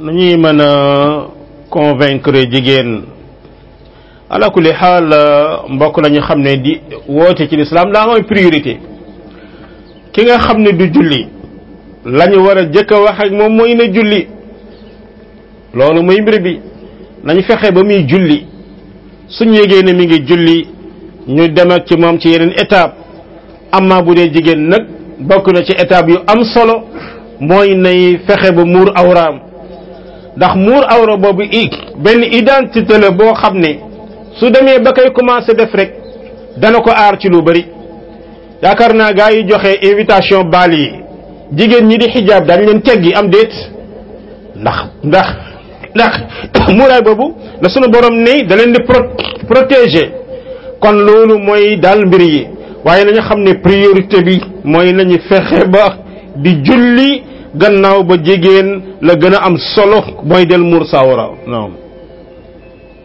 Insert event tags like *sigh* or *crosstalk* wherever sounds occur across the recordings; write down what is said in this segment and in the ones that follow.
nañuy mën a convaincre jigéen ala kulli xaal mbokk lañu xam ne di woote ci lislaam daa mooy priorité ki nga xam ne du julli lañu war a jëkk a wax moom mooy na julli loolu mooy mbir bi nañu fexe ba muy julli suñ yégee ne mi ngi julli ñu dem ak ci moom ci yeneen étape amma bu dee jigéen nag bokk na ci étape yu am solo mooy nay fexe ba muur awraam ndax muur awro boobu benn identité la boo xam ne su demee ba koy commencé def rek dana ko aar ci lu bari yaakaar naa gaa yi joxe invitation baal yi jigéen ñi di xijaab dañ leen teggi am déet ndax ndax ndax *coughs* muuraay boobu la sunu borom ne da leen di protéger kon loolu mooy daal mbir yi waaye nañu xam ne priorité bi mooy nañu fexe ba di julli gannaaw ba jigéen la gën a am solo mooy del muur saawara non.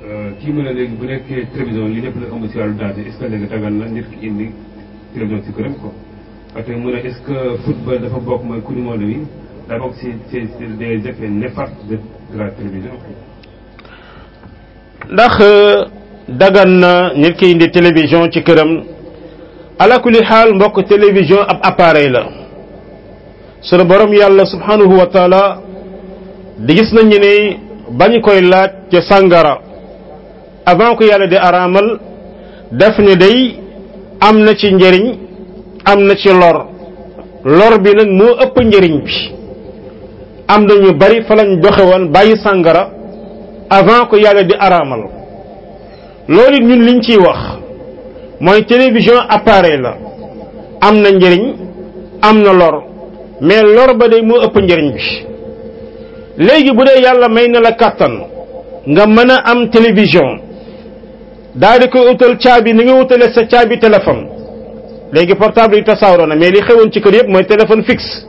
Euh, kii mu ne léegi télévision li lépp la ëmb ci indi télévision këram ko que mu ne est-ce ndax euh, dagan na nit ki indi télévision ci këram ala kulli xaal mbokk télévision ab appareil la. sunu boroom yàlla subhanahu wa taala di gis nañu ni bañ koy laaj ca sàngara avant ko yàlla di araamal def ni day am na ci njariñ am na ci lor lor bi nag moo ëpp njëriñ bi am na ñu bari fa lañ woon bàyyi sàngara avant ko yàlla di araamal loolu ñun liñ ciy wax mooy télévision appareil la am na njariñ am na lor mais lor ba day moo ëpp njëriñ bi léegi bu dee yàlla may na la kàttan nga mën a am télévision daa di koy utal caabi ni nga utale sa caabi téléphone léegi portable yi tasaaroo na mais li xewoon ci kër yëpp mooy téléphone fixe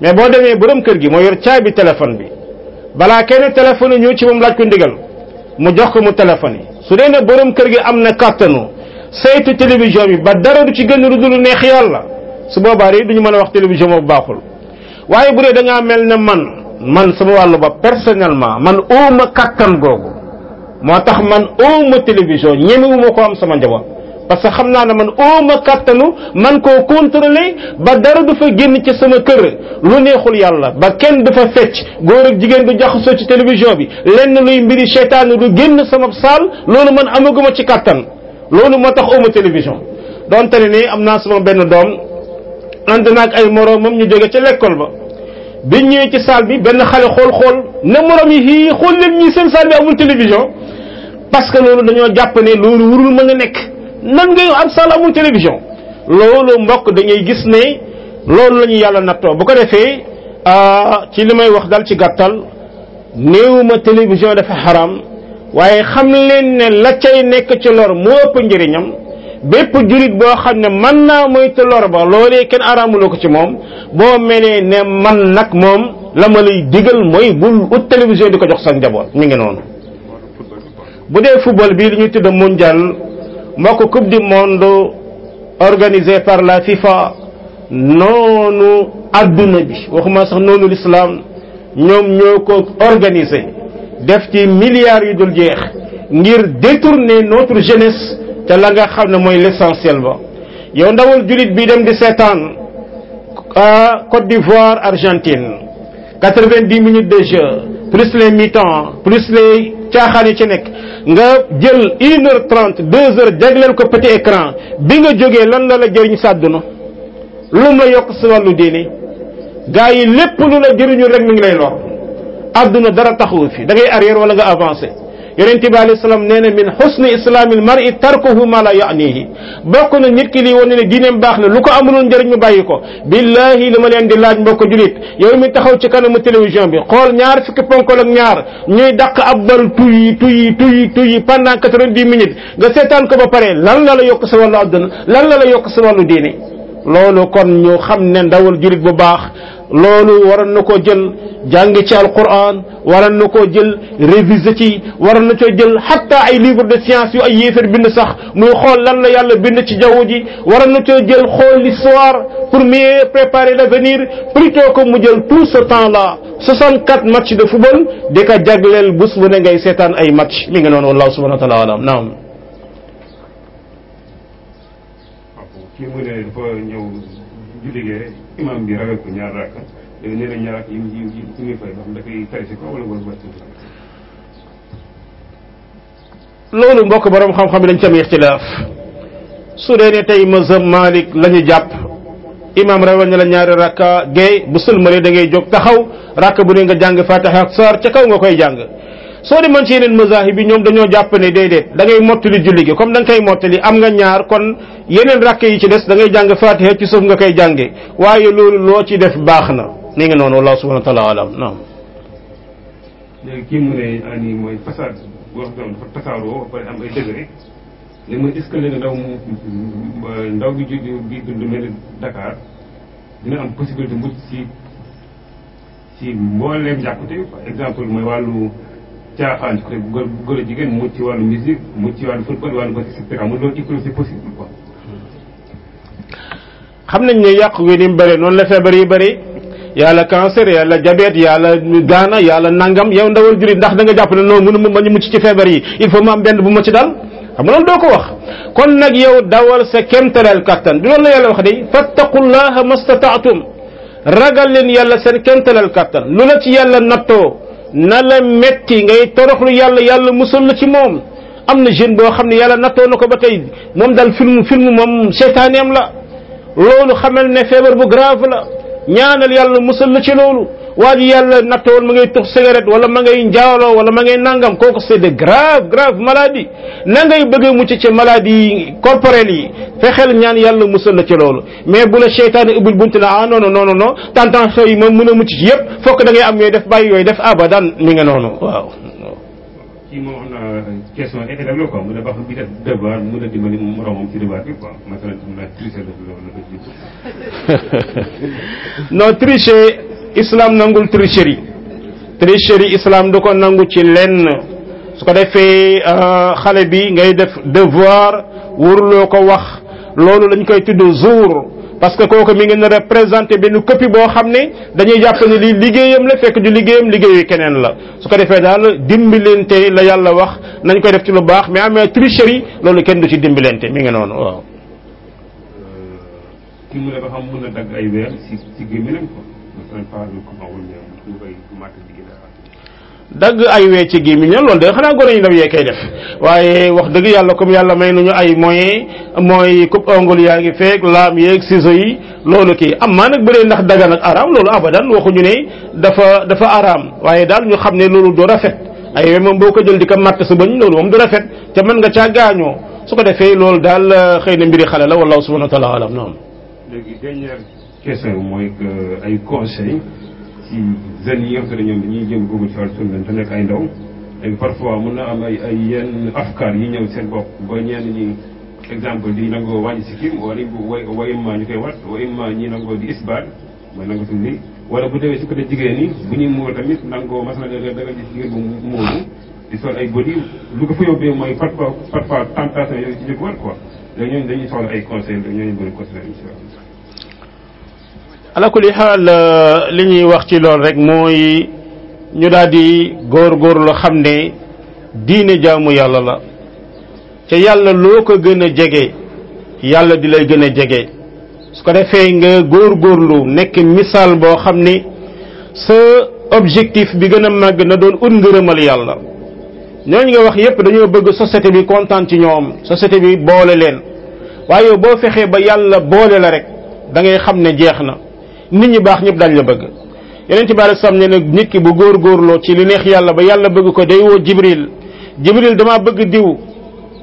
mais boo demee borom kër gi moo yor caabi téléphone bi balaa kenn téléphone yi ci moom laaj ko ndigal mu jox ko mu téléphone yi su dee ne borom kër gi am na kàttanu saytu télévision bi ba dara du ci gën lu dul neex yàlla su boobaa rek duñu mën a wax télévision bu baaxul waaye bu dee da ngaa mel ne man man sama wàllu ba personnellement man ooma kàttan googu moo tax man ooma télévision ñemewuma ko am sama njaboot parce que xam naa ne man ooma kàttanu man koo contrôler ba dara du fa génn ci sama kër lu neexul yàlla ba kenn du fa fecc góor ak jigéen du jaxasoo ci télévision bi lenn luy mbiri seytaane du génn sama saal loolu man amaguma ci kàttan loolu moo tax ooma télévision benn doom ànd naag ay moroomam ñu jóge ca lekkool ba bi ñëwee ci salle bi benn xale xool-xool na moroom yi hii xool leen ñii seen salle bi amul télévision parce que loolu dañoo jàpp ne loolu warul mën a nekk nan ngay am mbokk dañuy gis ne loolu la yàlla nattoo bu ko defee ah, ci li may wax dal ci gàttal néewuma télévision dafa xaram waaye xam leen ne la cay nekk ci lor moo ëpp njëriñam bépp julit boo xam ne mën naa moytu lor ba loolee kenn araamuloo ko ci moom boo melee ne man nag moom la ma lay digal mooy bul ut télévision di ko jox sa njaboot mi ngi noonu. bu dee football bii li ñuy tudd mondial mbokk coupe du monde organisé par la FIFA noonu adduna bi waxuma sax noonu l'islam ñoom ñoo ko organisé def ci milliards yu dul jeex ngir détourner notre jeunesse. te la nga xam ne mooy l'essentiel ba yow ndawal jullit bi dem di seetaan ah, Côte d'Ivoire Argentine quatre-vingt-dix minutes de jeu plus les mi-temps plus les caaxaan yi ci nekk nga jël une trente deux heures ko petit écran bi nga jógee lan la la jëriñ sàdduna lu mu la yokk si wàllu diine gaa yi lépp lu la jëriñu rek mi ngi lay lor àdduna dara taxawu fi da ngay arrière wala nga avancé yonent bi alayhi salaam nee na min xusni islaamil mar'i tarkuhu ma la ya'nihi bokk na nit ki lii wane ne diineem baax na lu ko amuloon njëriñ mu bàyyi ko billahi li ma leen di laaj mbokk julit yow mi taxaw ci kanamu télévision bi xool ñaar fukki ponkol ak ñaar ñuy dàq ab bal tuyi tuyi tuyi tuyi pendant quatre-vingt-dix minutes nga seetaan ko ba pare lan la la yokk sa wàllu àdduna lan la la yokk sa wàllu diine loolu kon ñu xam ne ndawal julit bu baax loolu waroon na koo jël jàng ci alquran wara na koo jël réviser ci waroon na koo jël hatta ay livre de science yu ay yéefar bind sax muy xool lan la yàlla bind ci jaww ji waroon na koo jël xool l'histoire pour mieux préparer l'avenir plutôt que mu jël tout ce temps là 64 matchs de football di ko jagleel bés bu ne ngay seetaan ay match mi ngi noonu wallahu subhanahu wa taala alam naam. kii mu ne julligee rek imaam bi loolu mbokk borom xam-xam dañ ci am ixtilaaf su dee ne tey mazhab Malik la ñu jàpp imaam rawal na la ñaari rakka gay bu sëlmalee da ngay jóg taxaw rakka bu ne nga jàng fatiha ak saar ca nga koy jàng soo demoon ci yeneen mazahib yi ñoom dañoo jàpp day déedéet dangay ngay mottali julli gi comme da nga koy li am nga ñaar kon yeneen rakk yi ci des da ngay jàng fatiha ci suuf nga koy jànge waaye loolu loo ci def baax na ni nga noonu wallahu subhanahu wa taala alam naam léegi kii mu ne ani ah, mooy façade wax doon dafa tasaaroo ba am ay degré léegi mooy est-ce que ndaw mu ndaw bi ju bi dund mel Dakar dina am possibilité mbucc si si mbooleem jàkkute caaxaan ci góor góor a jigéen mucc ci wàllu musique mucc ci wàllu football wàllu basket amul loolu école c'est possible quoi. xam nañ ne yàqu gi ni mu bëri noonu la feebar yi bëri yàlla cancer yàlla diabète yàlla gaana yàlla nangam yow ndawal jullit ndax da nga jàpp ne noonu mënu ma ñu mucc ci feebar yi il faut ma am benn bu ma ci dal xam nga loolu doo ko wax kon nag yow dawal sa kemtaleel kattan du loolu la yàlla wax de fattaqullaha mastataatum ragal leen yàlla seen kemtaleel kattan lu la ci yàlla nattoo na la metti ngay toroxlu yàlla yàlla musal la ci moom am na jeune boo xam ne yàlla nattoo na ko ba tey moom daal film film moom seetaaneem la loolu xamal ne feebar bu grave la ñaanal yàlla musal la ci loolu waa ji yàlla nattoon ma ngay tux cigarette wala ma ngay njaaloo wala ma ngay nangam kooku ko de grave grave maladie na ngay bëgg mucc ci maladie yi corporelle yi fexeel ñaan yàlla musal la ci loolu mais bu la seytaane bul bunt na ah no non non non tentation yi moom mën a mucc ci yëpp fokk da ngay am yooyu def bàyyi yooyu def abadan mi nga noonu am na question école la quoi mu ne baax bi def devoir mu ne dimbali moromam ci devoir bi *laughs* islam nangul tricherie tricherie islam du ko nangu ci lenn su ko defee euh, xale bi ngay def devoir wurloo ko wax loolu lañ koy tudd zuur parce que kooku mi ngeen na représenté benn copie boo xam ne dañuy jàpp ne lii liggéeyam la fekk du liggéeyam liggéeyu keneen la su ko defee daal dimbalante la yàlla wax nañ koy def ci lu baax mais amee tricherie loolu kenn du ci dimbalante mi ngi noonu waaw. dagg ay wee ci gémmiñ na loolu de xanaa gone ñu dem yee kay def waaye wax dëgg yàlla comme yàlla may nañu ay moyen mooy coupe ongle yaa ngi feeg laam yeeg ciseaux yi loolu kii am maa nag bëree ndax dagan ak araam loolu abadan waxuñu ne dafa dafa araam waaye daal ñu xam ne loolu du rafet ay wee moom boo ko jël di ko matt sa ñu loolu moom du rafet te mën nga caa gaañoo su ko defee loolu daal xëy na mbiri xale la wallahu subhanahu wa taala question mooy que ay conseil ci jeunes yi nga xam ne ñoom dañuy jëm googu ci wàllu sunna te nekk ay ndaw léegi parfois mën na am ay ay yenn afkaar yi ñëw seen bopp ba ñenn ñi exemple di nangoo wàññi si kim wa imma ñu koy wat wa imma ñi nangoo di isbaar mooy nango suñ li wala bu demee si côté jigéen yi bu ñuy muur tamit nangoo masala da nga gis jigéen bu muuru di sol ay bëri lu ko fa yóbbee mooy parfois parfois tentation yooyu ci jóg war quoi léegi ñooñu dañuy soxla ay conseil ño ala kulli xaal euh, li ñuy wax ci lool rek mooy ñu daal di góorgóorlu xam ne diine jàmm yàlla la ca yàlla loo ko gën a jege yàlla di lay gën a jege su ko defee nga góor góorlu nekk misaal boo xam ne sa objectif bi gën a màgg na doon ut ngërëmal yàlla ñooñu nga wax yépp dañoo bëgg société bi kontaan ci ñoom société bi boole leen waaye boo fexee ba yàlla boole la rek da ngay xam ne jeex na nit ñi baax ñëpp dañ la bëgg yeneen ci baale sam ne nag nit ki bu góorgóorloo ci li neex yàlla ba yàlla bëgg ko day woo jibril jibril dama bëgg diw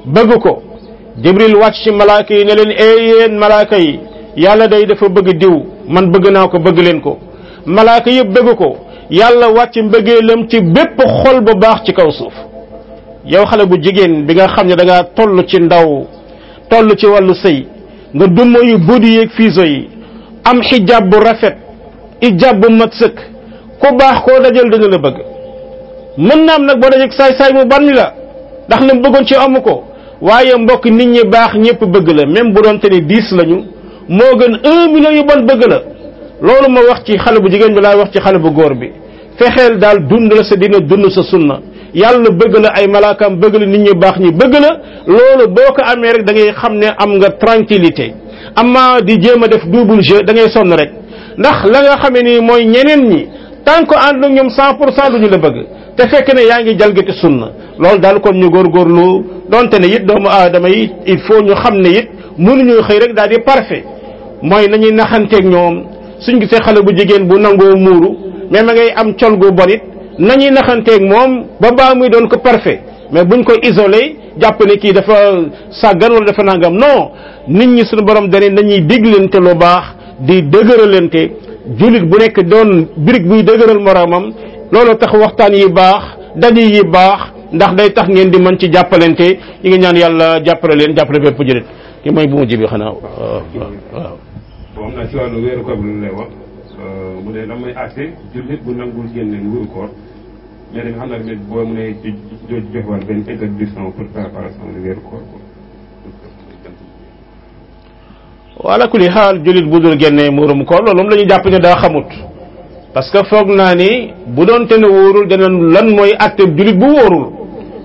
bëgg ko jibril wàcc ci malaaka yi ne leen ee malaaka yi yàlla day dafa bëgg diw man bëgg naa ko bëgg leen ko malaaka yëpp bëgg ko yàlla wàcc mbëggeelam ci bépp xol bu baax ci kaw suuf yow xale bu jigéen bi nga xam ne da ngaa toll ci ndaw toll ci wàllu sëy nga dumma yu budi yeeg fiiso yi am xijaab bu rafet ijaab bu mat sëkk ku baax koo dajal dana la bëgg mën naam nag boo dajeeg saay-saay mu banni la ndax na bëggoon ci amu ko waaye mbokk nit ñi baax ñëpp bëgg la même bu doon te ni dix lañu moo gën un million yu bon bëgg la loolu ma wax ci xale bu jigéen bi laay wax ci xale bu góor bi fexeel daal dund la sa dina dund sa sunna yàlla bëgg la ay malaakaam bëgg la nit ñi baax ñi bëgg la loolu boo ko amee rek da ngay xam ne am nga tranquillité amma di jéem a def double jeu da ngay sonn rek ndax la nga xamee ni mooy ñeneen ñi tant que ànd ak pour cent duñu la bëgg te fekk ne yaa ngi jalgati sunna loolu daal kon ñu góor góor góorgóorlu donte ne it doomu aadama yi il faut ñu xam ne it mënuñu xëy rek daal di parfait mooy nañuy naxanteeg ñoom suñ gisee xale bu jigéen bu nangoo muuru mais ma ngay am col gu bon it nañuy naxanteeg moom ba baax muy doon ko parfait mais buñ ko isolé jàpp ne kii dafa sàggan wala dafa nangam no nit ñi suñu borom dane nañuy diglante lu baax di dëgëralante jullit bu nekk doon birig buy dëgëral moroomam loolu tax waxtaan yi baax daje yi baax ndax day tax ngeen di mën ci jàppalante ñi ngi ñaan yàlla jàppale leen jàppale bépp jullit ki mooy bu mujj bi xanaa waaw waaw. xam naa Euh, mu ne la muy àtte jullit bu nangul de weeru koor wala kuli xaal jullit bu dul génnee muurum koor loolu moom la ñu jàpp ne daa xamut parce que foog naa ni bu doon te ne wóorul dana lan mooy àtte jullit bu wóorul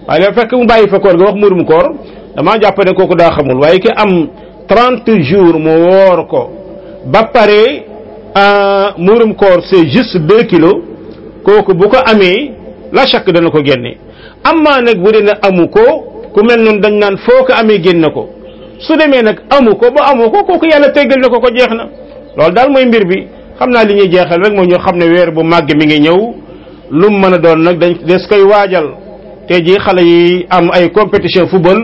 waaye la fekk mu bàyyi fa koor ga wax muurum koor damaa jàpp ne kooku daa xamul waaye ki am 30 jours mu woor ko ba pare muurum koor c'est juste deux kilos kooku bu ko amee la chaque dana ko génne am maa nag bu dee nag amu ko ku mel noonu dañ naan foo ko amee génne ko su demee nag amu ko ba amu ko kooku yàlla teggal na ko ko jeex na loolu daal mooy mbir bi xam naa li ñuy jeexal rek mooy ñu xam ne weer bu màgg mi ngi ñëw lu mën a doon nag dañ des koy waajal te ji xale yi am ay compétition football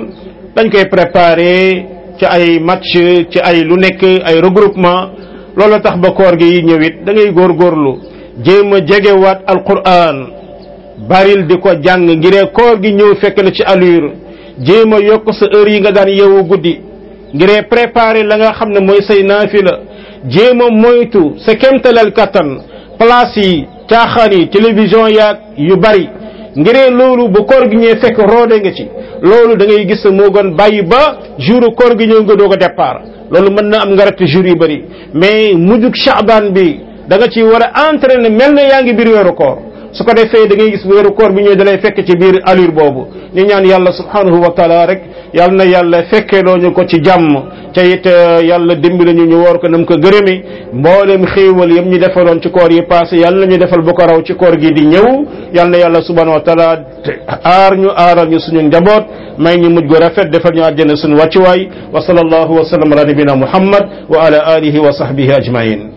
dañ koy préparer ci ay match ci ay lu nekk ay regroupement loolu tax ba koor gi ñëw it da ngay góorgóorlu jéem a jegewaat alquran baril di ko jàng ngiree koor gi ñëw fekk la ci allure jéem a yokk sa heure yi nga daan yeewu guddi ngiree préparer la nga xam ne mooy say naafila la a moytu sa kemtalal kattan place yi caaxaan yi télévision yaag yu bari ngiree loolu bu koor gi ñëwee fekk roode nga ci loolu dangay ngay gis moo gën bàyyi ba jour koor gi ñëw nga doog ko départ loolu mën na am nga ratt jour yu bëri mais mujjug Chaabaan bi da nga ci war a entraîner mel na yaa ngi biir weeru koor su ko defee da ngay gis weeru koor bi ñëwee dalay fekk ci biir allure boobu ñu ñaan yàlla subhanahu wa taala rek yal na yàlla fekkeeloo ñu ko ci jàmm te it euh, yàlla dimbali ñu ñu woor ko nam ko gërëmi mboolem xéewal yëpp ñu defaloon ci koor yi passé yal na ñu defal bu ko raw ci koor gi di ñëw yal na yàlla subhanahu wa taala aar ñu aaral ñu suñu njaboot may ñu mujj gu rafet defal ñu àjjana suñu wàccuwaay wa sallallahu wa sallam ala nabina muhammad wa ala alihi wa sahbihi ajmain